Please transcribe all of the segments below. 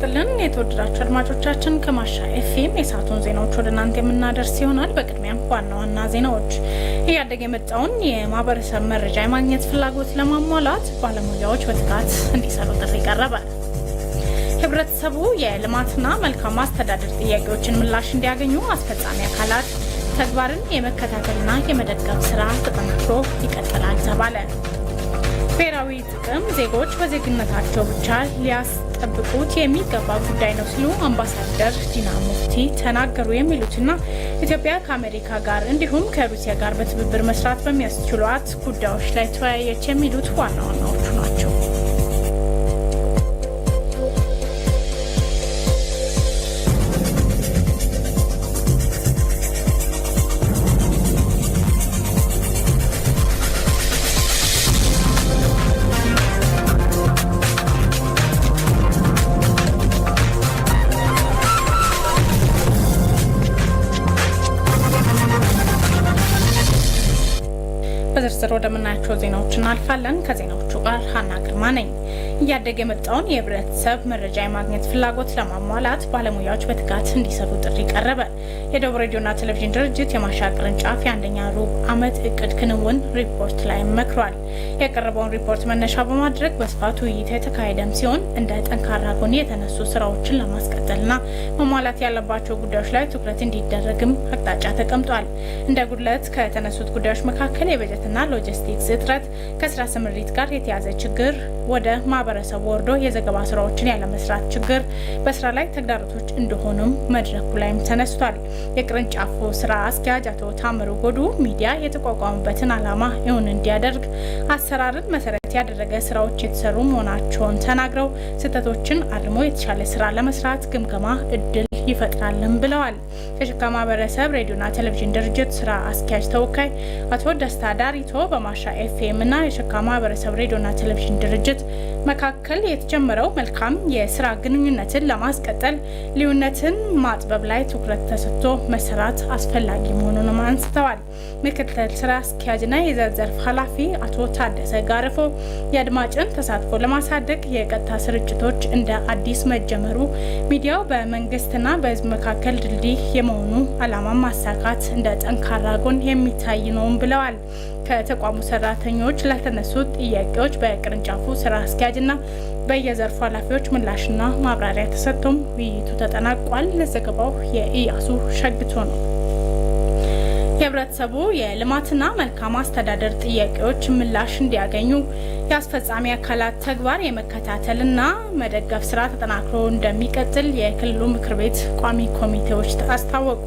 ይስጥልን የተወደዳችሁ አድማጮቻችን፣ ከማሻ ኤፍኤም የሰዓቱን ዜናዎች ወደ እናንተ የምናደርስ ይሆናል። በቅድሚያም ዋና ዋና ዜናዎች። እያደገ የመጣውን የማህበረሰብ መረጃ የማግኘት ፍላጎት ለማሟላት ባለሙያዎች በትጋት እንዲሰሩ ጥሪ ቀረበ። ህብረተሰቡ የልማትና መልካም አስተዳደር ጥያቄዎችን ምላሽ እንዲያገኙ አስፈጻሚ አካላት ተግባርን የመከታተልና የመደገፍ ስራ ተጠናክሮ ይቀጥላል ተባለ። ብሔራዊ ጥቅም ዜጎች በዜግነታቸው ብቻ ሊያስጠብቁት የሚገባ ጉዳይ ነው ሲሉ አምባሳደር ዲና ሙፍቲ ተናገሩ። የሚሉትና ኢትዮጵያ ከአሜሪካ ጋር እንዲሁም ከሩሲያ ጋር በትብብር መስራት በሚያስችሏት ጉዳዮች ላይ ተወያየች የሚሉት ዋና ዋናዎቹ በዝርዝር ወደምናያቸው ዜናዎች እናልፋለን። ከዜናዎቹ ጋር ሀና ግርማ ነኝ። እያደገ የመጣውን የህብረተሰብ መረጃ የማግኘት ፍላጎት ለማሟላት ባለሙያዎች በትጋት እንዲሰሩ ጥሪ ቀረበ። የደቡብ ሬዲዮና ቴሌቪዥን ድርጅት የማሻ ቅርንጫፍ የአንደኛ ሩብ ዓመት እቅድ ክንውን ሪፖርት ላይ መክሯል። የቀረበውን ሪፖርት መነሻ በማድረግ በስፋት ውይይት የተካሄደም ሲሆን እንደ ጠንካራ ጎን የተነሱ ስራዎችን ለማስቀጠልና መሟላት ያለባቸው ጉዳዮች ላይ ትኩረት እንዲደረግም አቅጣጫ ተቀምጧል። እንደ ጉድለት ከተነሱት ጉዳዮች መካከል የበጀትና ሎጂስቲክስ እጥረት፣ ከስራ ስምሪት ጋር የተያዘ ችግር፣ ወደ ማህበረሰቡ ወርዶ የዘገባ ስራዎችን ያለመስራት ችግር በስራ ላይ ተግዳሮቶች እንደሆኑም መድረኩ ላይም ተነስቷል። የቅርንጫፉ ስራ አስኪያጅ አቶ ታምሩ ጎዱ ሚዲያ የተቋቋመበትን ዓላማ ይሁን እንዲያደርግ አሰራርን መሰረት ያደረገ ስራዎች የተሰሩ መሆናቸውን ተናግረው ስህተቶችን አርሞ የተሻለ ስራ ለመስራት ግምገማ እድል ይፈጥራልን ብለዋል። የሸካ ማህበረሰብ ሬዲዮና ቴሌቪዥን ድርጅት ስራ አስኪያጅ ተወካይ አቶ ደስታ ዳሪቶ በማሻ ኤፍኤም እና የሸካ ማህበረሰብ ሬዲዮና ቴሌቪዥን ድርጅት መካከል የተጀመረው መልካም የስራ ግንኙነትን ለማስቀጠል ልዩነትን ማጥበብ ላይ ትኩረት ተሰጥቶ መሰራት አስፈላጊ መሆኑንም አንስተዋል። ምክትል ስራ አስኪያጅና የዘር ዘርፍ ኃላፊ አቶ ታደሰ ጋርፎ የአድማጭን ተሳትፎ ለማሳደግ የቀጥታ ስርጭቶች እንደ አዲስ መጀመሩ ሚዲያው በመንግስትና በህዝብ መካከል ድልድይ የመሆኑ አላማ ማሳካት እንደ ጠንካራ ጎን የሚታይ ነውም ብለዋል። ከተቋሙ ሰራተኞች ለተነሱት ጥያቄዎች በቅርንጫፉ ስራ አስኪያጅና በየዘርፉ ኃላፊዎች ምላሽና ማብራሪያ ተሰጥቶም ውይይቱ ተጠናቋል። ለዘገባው የኢያሱ ሸግቶ ነው። የህብረተሰቡ የልማትና መልካም አስተዳደር ጥያቄዎች ምላሽ እንዲያገኙ የአስፈጻሚ አካላት ተግባር የመከታተልና መደገፍ ስራ ተጠናክሮ እንደሚቀጥል የክልሉ ምክር ቤት ቋሚ ኮሚቴዎች አስታወቁ።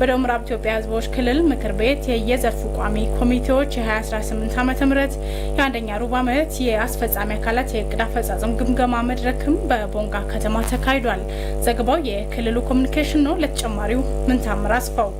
በደቡብ ምዕራብ ኢትዮጵያ ህዝቦች ክልል ምክር ቤት የየዘርፉ ቋሚ ኮሚቴዎች የ2018 ዓ ም የአንደኛ ሩብ ዓመት የአስፈጻሚ አካላት የእቅድ አፈጻጸም ግምገማ መድረክም በቦንጋ ከተማ ተካሂዷል። ዘገባው የክልሉ ኮሚኒኬሽን ነው። ለተጨማሪው ምንታምር አስፋው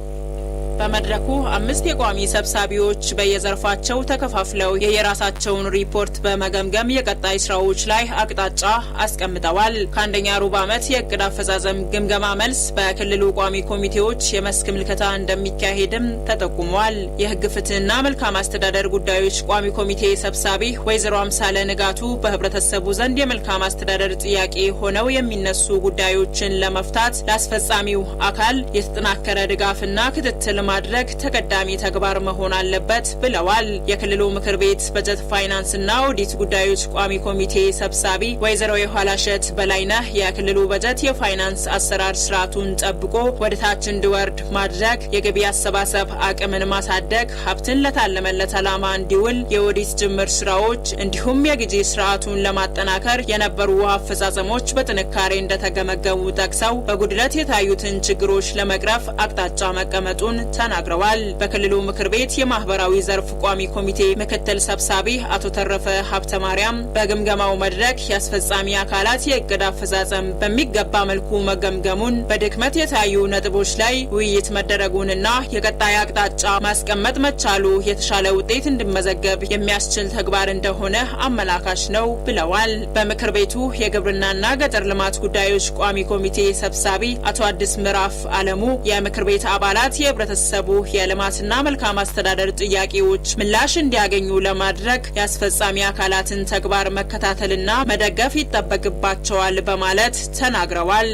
በመድረኩ አምስት የቋሚ ሰብሳቢዎች በየዘርፋቸው ተከፋፍለው የየራሳቸውን ሪፖርት በመገምገም የቀጣይ ስራዎች ላይ አቅጣጫ አስቀምጠዋል። ከአንደኛ ሩብ ዓመት የእቅድ አፈጻጸም ግምገማ መልስ በክልሉ ቋሚ ኮሚቴዎች የመስክ ምልከታ እንደሚካሄድም ተጠቁሟል። የህግ ፍትህና መልካም አስተዳደር ጉዳዮች ቋሚ ኮሚቴ ሰብሳቢ ወይዘሮ አምሳለ ንጋቱ በህብረተሰቡ ዘንድ የመልካም አስተዳደር ጥያቄ ሆነው የሚነሱ ጉዳዮችን ለመፍታት ለአስፈጻሚው አካል የተጠናከረ ድጋፍና ክትትል ማድረግ ተቀዳሚ ተግባር መሆን አለበት ብለዋል። የክልሉ ምክር ቤት በጀት ፋይናንስና ኦዲት ጉዳዮች ቋሚ ኮሚቴ ሰብሳቢ ወይዘሮ የኋላሸት በላይነህ የክልሉ በጀት የፋይናንስ አሰራር ስርዓቱን ጠብቆ ወደ ታች እንዲወርድ ማድረግ፣ የገቢ አሰባሰብ አቅምን ማሳደግ፣ ሀብትን ለታለመለት ዓላማ እንዲውል የኦዲት ጅምር ስራዎች እንዲሁም የጊዜ ስርዓቱን ለማጠናከር የነበሩ አፈጻጸሞች በጥንካሬ እንደተገመገሙ ጠቅሰው በጉድለት የታዩትን ችግሮች ለመቅረፍ አቅጣጫ መቀመጡን ተናግረዋል። በክልሉ ምክር ቤት የማህበራዊ ዘርፍ ቋሚ ኮሚቴ ምክትል ሰብሳቢ አቶ ተረፈ ሀብተ ማርያም በግምገማው መድረክ የአስፈጻሚ አካላት የእቅድ አፈጻጸም በሚገባ መልኩ መገምገሙን፣ በድክመት የታዩ ነጥቦች ላይ ውይይት መደረጉንና የቀጣይ አቅጣጫ ማስቀመጥ መቻሉ የተሻለ ውጤት እንዲመዘገብ የሚያስችል ተግባር እንደሆነ አመላካች ነው ብለዋል። በምክር ቤቱ የግብርናና ገጠር ልማት ጉዳዮች ቋሚ ኮሚቴ ሰብሳቢ አቶ አዲስ ምዕራፍ አለሙ የምክር ቤት አባላት የህብረተሰብ ያሳሰቡ የልማትና መልካም አስተዳደር ጥያቄዎች ምላሽ እንዲያገኙ ለማድረግ የአስፈጻሚ አካላትን ተግባር መከታተልና መደገፍ ይጠበቅባቸዋል በማለት ተናግረዋል።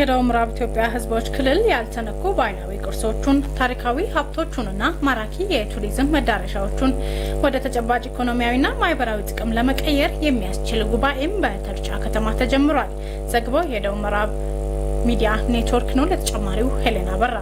የደቡብ ምዕራብ ኢትዮጵያ ሕዝቦች ክልል ያልተነኩ ባህላዊ ቅርሶቹን፣ ታሪካዊ ሀብቶቹንና ማራኪ የቱሪዝም መዳረሻዎቹን ወደ ተጨባጭ ኢኮኖሚያዊና ማህበራዊ ጥቅም ለመቀየር የሚያስችል ጉባኤም በተርጫ ከተማ ተጀምሯል። ዘግባው የደቡብ ምዕራብ ሚዲያ ኔትወርክ ነው። ለተጨማሪው ሄሌና በራ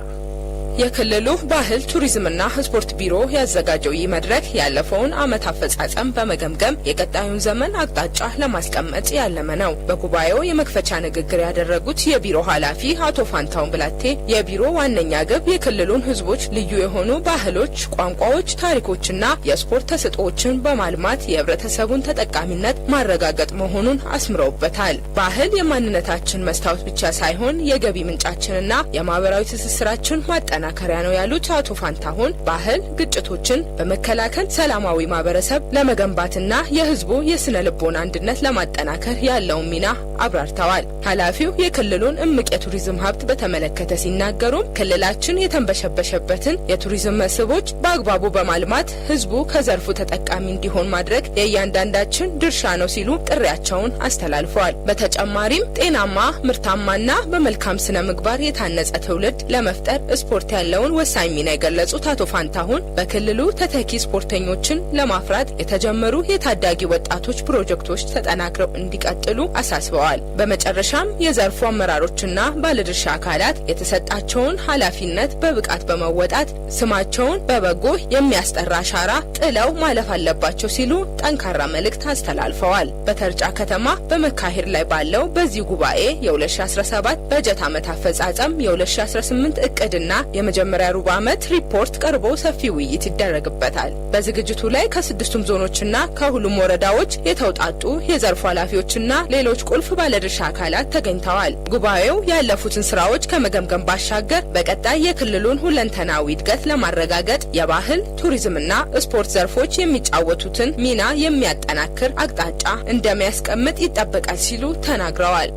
የክልሉ ባህል ቱሪዝምና ስፖርት ቢሮ ያዘጋጀው ይህ መድረክ ያለፈውን ዓመት አፈጻጸም በመገምገም የቀጣዩን ዘመን አቅጣጫ ለማስቀመጥ ያለመ ነው። በጉባኤው የመክፈቻ ንግግር ያደረጉት የቢሮ ኃላፊ አቶ ፋንታውን ብላቴ የቢሮ ዋነኛ ግብ የክልሉን ህዝቦች ልዩ የሆኑ ባህሎች፣ ቋንቋዎች፣ ታሪኮችና የስፖርት ተሰጥኦዎችን በማልማት የህብረተሰቡን ተጠቃሚነት ማረጋገጥ መሆኑን አስምረውበታል። ባህል የማንነታችን መስታወት ብቻ ሳይሆን የገቢ ምንጫችንና የማህበራዊ ትስስራችን ማጠ ማጠናከሪያ ነው ያሉት አቶ ፋንታሁን ባህል ግጭቶችን በመከላከል ሰላማዊ ማህበረሰብ ለመገንባትና የህዝቡ የስነ ልቦና አንድነት ለማጠናከር ያለውን ሚና አብራርተዋል። ኃላፊው የክልሉን እምቅ የቱሪዝም ሀብት በተመለከተ ሲናገሩም ክልላችን የተንበሸበሸበትን የቱሪዝም መስህቦች በአግባቡ በማልማት ህዝቡ ከዘርፉ ተጠቃሚ እንዲሆን ማድረግ የእያንዳንዳችን ድርሻ ነው ሲሉ ጥሪያቸውን አስተላልፈዋል። በተጨማሪም ጤናማ ምርታማና በመልካም ስነ ምግባር የታነጸ ትውልድ ለመፍጠር ስፖርት ወቅት ያለውን ወሳኝ ሚና የገለጹት አቶ ፋንታሁን በክልሉ ተተኪ ስፖርተኞችን ለማፍራት የተጀመሩ የታዳጊ ወጣቶች ፕሮጀክቶች ተጠናክረው እንዲቀጥሉ አሳስበዋል። በመጨረሻም የዘርፉ አመራሮችና ባለድርሻ አካላት የተሰጣቸውን ኃላፊነት በብቃት በመወጣት ስማቸውን በበጎ የሚያስጠራ አሻራ ጥለው ማለፍ አለባቸው ሲሉ ጠንካራ መልእክት አስተላልፈዋል። በተርጫ ከተማ በመካሄድ ላይ ባለው በዚህ ጉባኤ የ2017 በጀት ዓመት አፈጻጸም የ2018 እቅድና የመጀመሪያ ሩብ ዓመት ሪፖርት ቀርቦ ሰፊ ውይይት ይደረግበታል። በዝግጅቱ ላይ ከስድስቱም ዞኖችና ከሁሉም ወረዳዎች የተውጣጡ የዘርፉ ኃላፊዎችና ሌሎች ቁልፍ ባለድርሻ አካላት ተገኝተዋል። ጉባኤው ያለፉትን ስራዎች ከመገምገም ባሻገር በቀጣይ የክልሉን ሁለንተናዊ እድገት ለማረጋገጥ የባህል ቱሪዝምና ስፖርት ዘርፎች የሚጫወቱትን ሚና የሚያጠናክር አቅጣጫ እንደሚያስቀምጥ ይጠበቃል ሲሉ ተናግረዋል።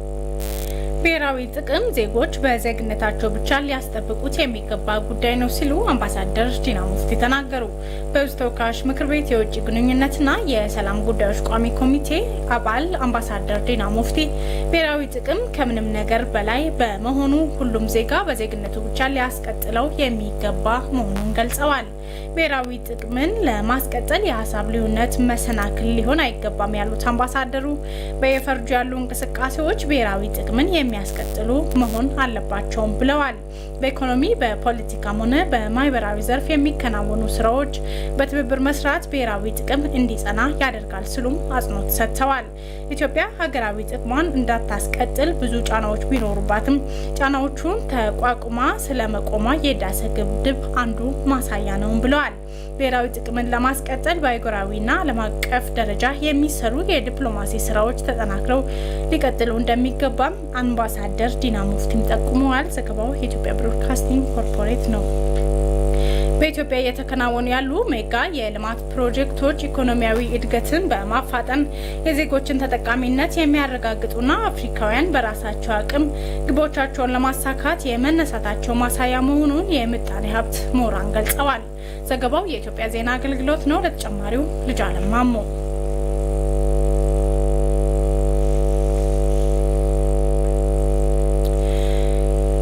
ብሔራዊ ጥቅም ዜጎች በዜግነታቸው ብቻ ሊያስጠብቁት የሚገባ ጉዳይ ነው ሲሉ አምባሳደር ዲና ሙፍቲ ተናገሩ። በሕዝብ ተወካዮች ምክር ቤት የውጭ ግንኙነትና የሰላም ጉዳዮች ቋሚ ኮሚቴ አባል አምባሳደር ዲና ሙፍቲ ብሔራዊ ጥቅም ከምንም ነገር በላይ በመሆኑ ሁሉም ዜጋ በዜግነቱ ብቻ ሊያስቀጥለው የሚገባ መሆኑን ገልጸዋል። ብሔራዊ ጥቅምን ለማስቀጠል የሀሳብ ልዩነት መሰናክል ሊሆን አይገባም ያሉት አምባሳደሩ በየፈርጁ ያሉ እንቅስቃሴዎች ብሔራዊ ጥቅምን የሚያስቀጥሉ መሆን አለባቸውም ብለዋል። በኢኮኖሚ በፖለቲካም ሆነ በማህበራዊ ዘርፍ የሚከናወኑ ስራዎች በትብብር መስራት ብሔራዊ ጥቅም እንዲጸና ያደርጋል ሲሉም አጽንኦት ሰጥተዋል። ኢትዮጵያ ሀገራዊ ጥቅሟን እንዳታስቀጥል ብዙ ጫናዎች ቢኖሩባትም ጫናዎቹን ተቋቁማ ስለመቆሟ የህዳሴ ግድብ አንዱ ማሳያ ነው የለውም ብለዋል። ብሔራዊ ጥቅምን ለማስቀጠል በአህጉራዊና ዓለም አቀፍ ደረጃ የሚሰሩ የዲፕሎማሲ ስራዎች ተጠናክረው ሊቀጥሉ እንደሚገባም አምባሳደር ዲና ሙፍቲም ጠቁመዋል። ዘገባው የኢትዮጵያ ብሮድካስቲንግ ኮርፖሬት ነው። በኢትዮጵያ እየተከናወኑ ያሉ ሜጋ የልማት ፕሮጀክቶች ኢኮኖሚያዊ እድገትን በማፋጠን የዜጎችን ተጠቃሚነት የሚያረጋግጡና አፍሪካውያን በራሳቸው አቅም ግቦቻቸውን ለማሳካት የመነሳታቸው ማሳያ መሆኑን የምጣኔ ሀብት ምሁራን ገልጸዋል። ዘገባው የኢትዮጵያ ዜና አገልግሎት ነው። ለተጨማሪው ልጅ አለም ማሞ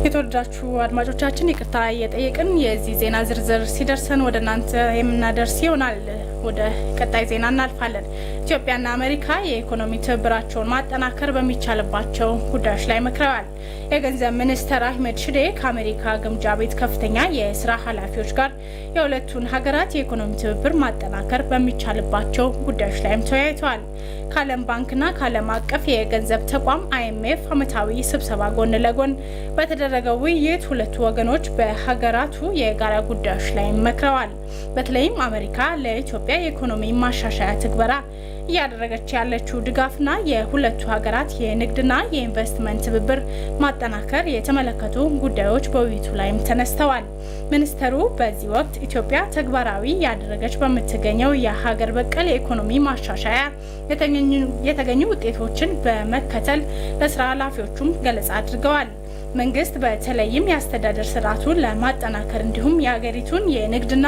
የተወደዳችሁ አድማጮቻችን ይቅርታ እየጠየቅን የዚህ ዜና ዝርዝር ሲደርሰን ወደ እናንተ የምናደርስ ይሆናል። ወደ ቀጣይ ዜና እናልፋለን። ኢትዮጵያና አሜሪካ የኢኮኖሚ ትብብራቸውን ማጠናከር በሚቻልባቸው ጉዳዮች ላይ መክረዋል። የገንዘብ ሚኒስተር አህመድ ሽዴ ከአሜሪካ ግምጃ ቤት ከፍተኛ የስራ ኃላፊዎች ጋር የሁለቱን ሀገራት የኢኮኖሚ ትብብር ማጠናከር በሚቻልባቸው ጉዳዮች ላይም ተወያይተዋል። ከዓለም ባንክና ከዓለም አቀፍ የገንዘብ ተቋም አይኤምኤፍ ዓመታዊ ስብሰባ ጎን ለጎን በተደረገው ውይይት ሁለቱ ወገኖች በሀገራቱ የጋራ ጉዳዮች ላይ መክረዋል። በተለይም አሜሪካ ለኢትዮጵያ የኢኮኖሚ ማሻሻያ ትግበራ እያደረገች ያለችው ድጋፍና የሁለቱ ሀገራት የንግድና የኢንቨስትመንት ትብብር ማጠናከር የተመለከቱ ጉዳዮች በውይይቱ ላይም ተነስተዋል። ሚኒስተሩ በዚህ ወቅት ኢትዮጵያ ተግባራዊ እያደረገች በምትገኘው የሀገር በቀል የኢኮኖሚ ማሻሻያ የተገኙ ውጤቶችን በመከተል ለስራ ኃላፊዎቹም ገለጻ አድርገዋል። መንግስት በተለይም የአስተዳደር ስርዓቱን ለማጠናከር እንዲሁም የሀገሪቱን የንግድና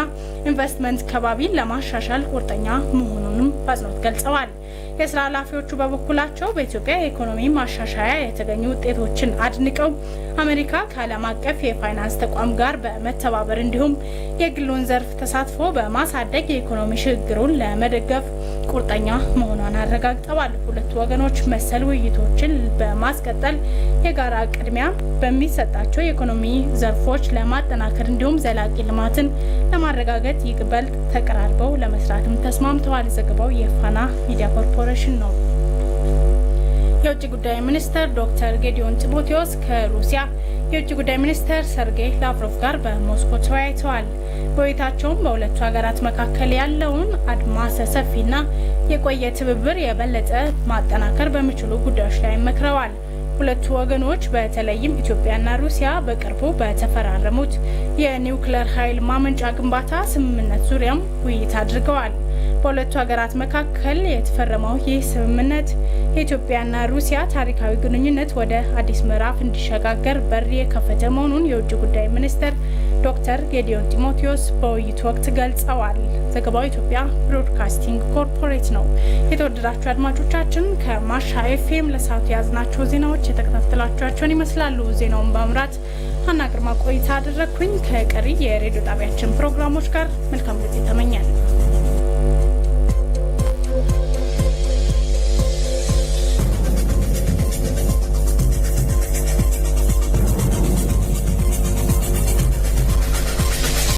ኢንቨስትመንት ከባቢን ለማሻሻል ቁርጠኛ መሆኑንም በአጽንኦት ገልጸዋል። የስራ ኃላፊዎቹ በበኩላቸው በኢትዮጵያ የኢኮኖሚ ማሻሻያ የተገኙ ውጤቶችን አድንቀው አሜሪካ ከዓለም አቀፍ የፋይናንስ ተቋም ጋር በመተባበር እንዲሁም የግሉን ዘርፍ ተሳትፎ በማሳደግ የኢኮኖሚ ሽግግሩን ለመደገፍ ቁርጠኛ መሆኗን አረጋግጠዋል። ሁለቱ ወገኖች መሰል ውይይቶችን በማስቀጠል የጋራ ቅድሚያ በሚሰጣቸው የኢኮኖሚ ዘርፎች ለማጠናከር እንዲሁም ዘላቂ ልማትን ለማረጋገጥ ይበልጥ ተቀራርበው ለመስራትም ተስማምተዋል። ዘገባው የፋና ሚዲያ ኮርፖ ኮርፖሬሽን ነው። የውጭ ጉዳይ ሚኒስትር ዶክተር ጌዲዮን ጢሞቴዎስ ከሩሲያ የውጭ ጉዳይ ሚኒስትር ሰርጌይ ላቭሮቭ ጋር በሞስኮ ተወያይተዋል። በውይይታቸውም በሁለቱ ሀገራት መካከል ያለውን አድማሰ ሰፊና የቆየ ትብብር የበለጠ ማጠናከር በሚችሉ ጉዳዮች ላይ መክረዋል። ሁለቱ ወገኖች በተለይም ኢትዮጵያና ሩሲያ በቅርቡ በተፈራረሙት የኒውክሌር ኃይል ማመንጫ ግንባታ ስምምነት ዙሪያም ውይይት አድርገዋል። በሁለቱ ሀገራት መካከል የተፈረመው ይህ ስምምነት የኢትዮጵያና ሩሲያ ታሪካዊ ግንኙነት ወደ አዲስ ምዕራፍ እንዲሸጋገር በር የከፈተ መሆኑን የውጭ ጉዳይ ሚኒስትር ዶክተር ጌዲዮን ጢሞቴዎስ በውይይቱ ወቅት ገልጸዋል። ዘገባው ኢትዮጵያ ብሮድካስቲንግ ኮርፖሬት ነው። የተወደዳችሁ አድማጮቻችን ከማሻ ኤፍኤም ለሰዓቱ የያዝናቸው ዜናዎች የተከታተላችኋቸውን ይመስላሉ። ዜናውን በመምራት አና ግርማ ቆይታ አደረግኩኝ። ከቀሪ የሬዲዮ ጣቢያችን ፕሮግራሞች ጋር መልካም ጊዜ ተመኛለሁ።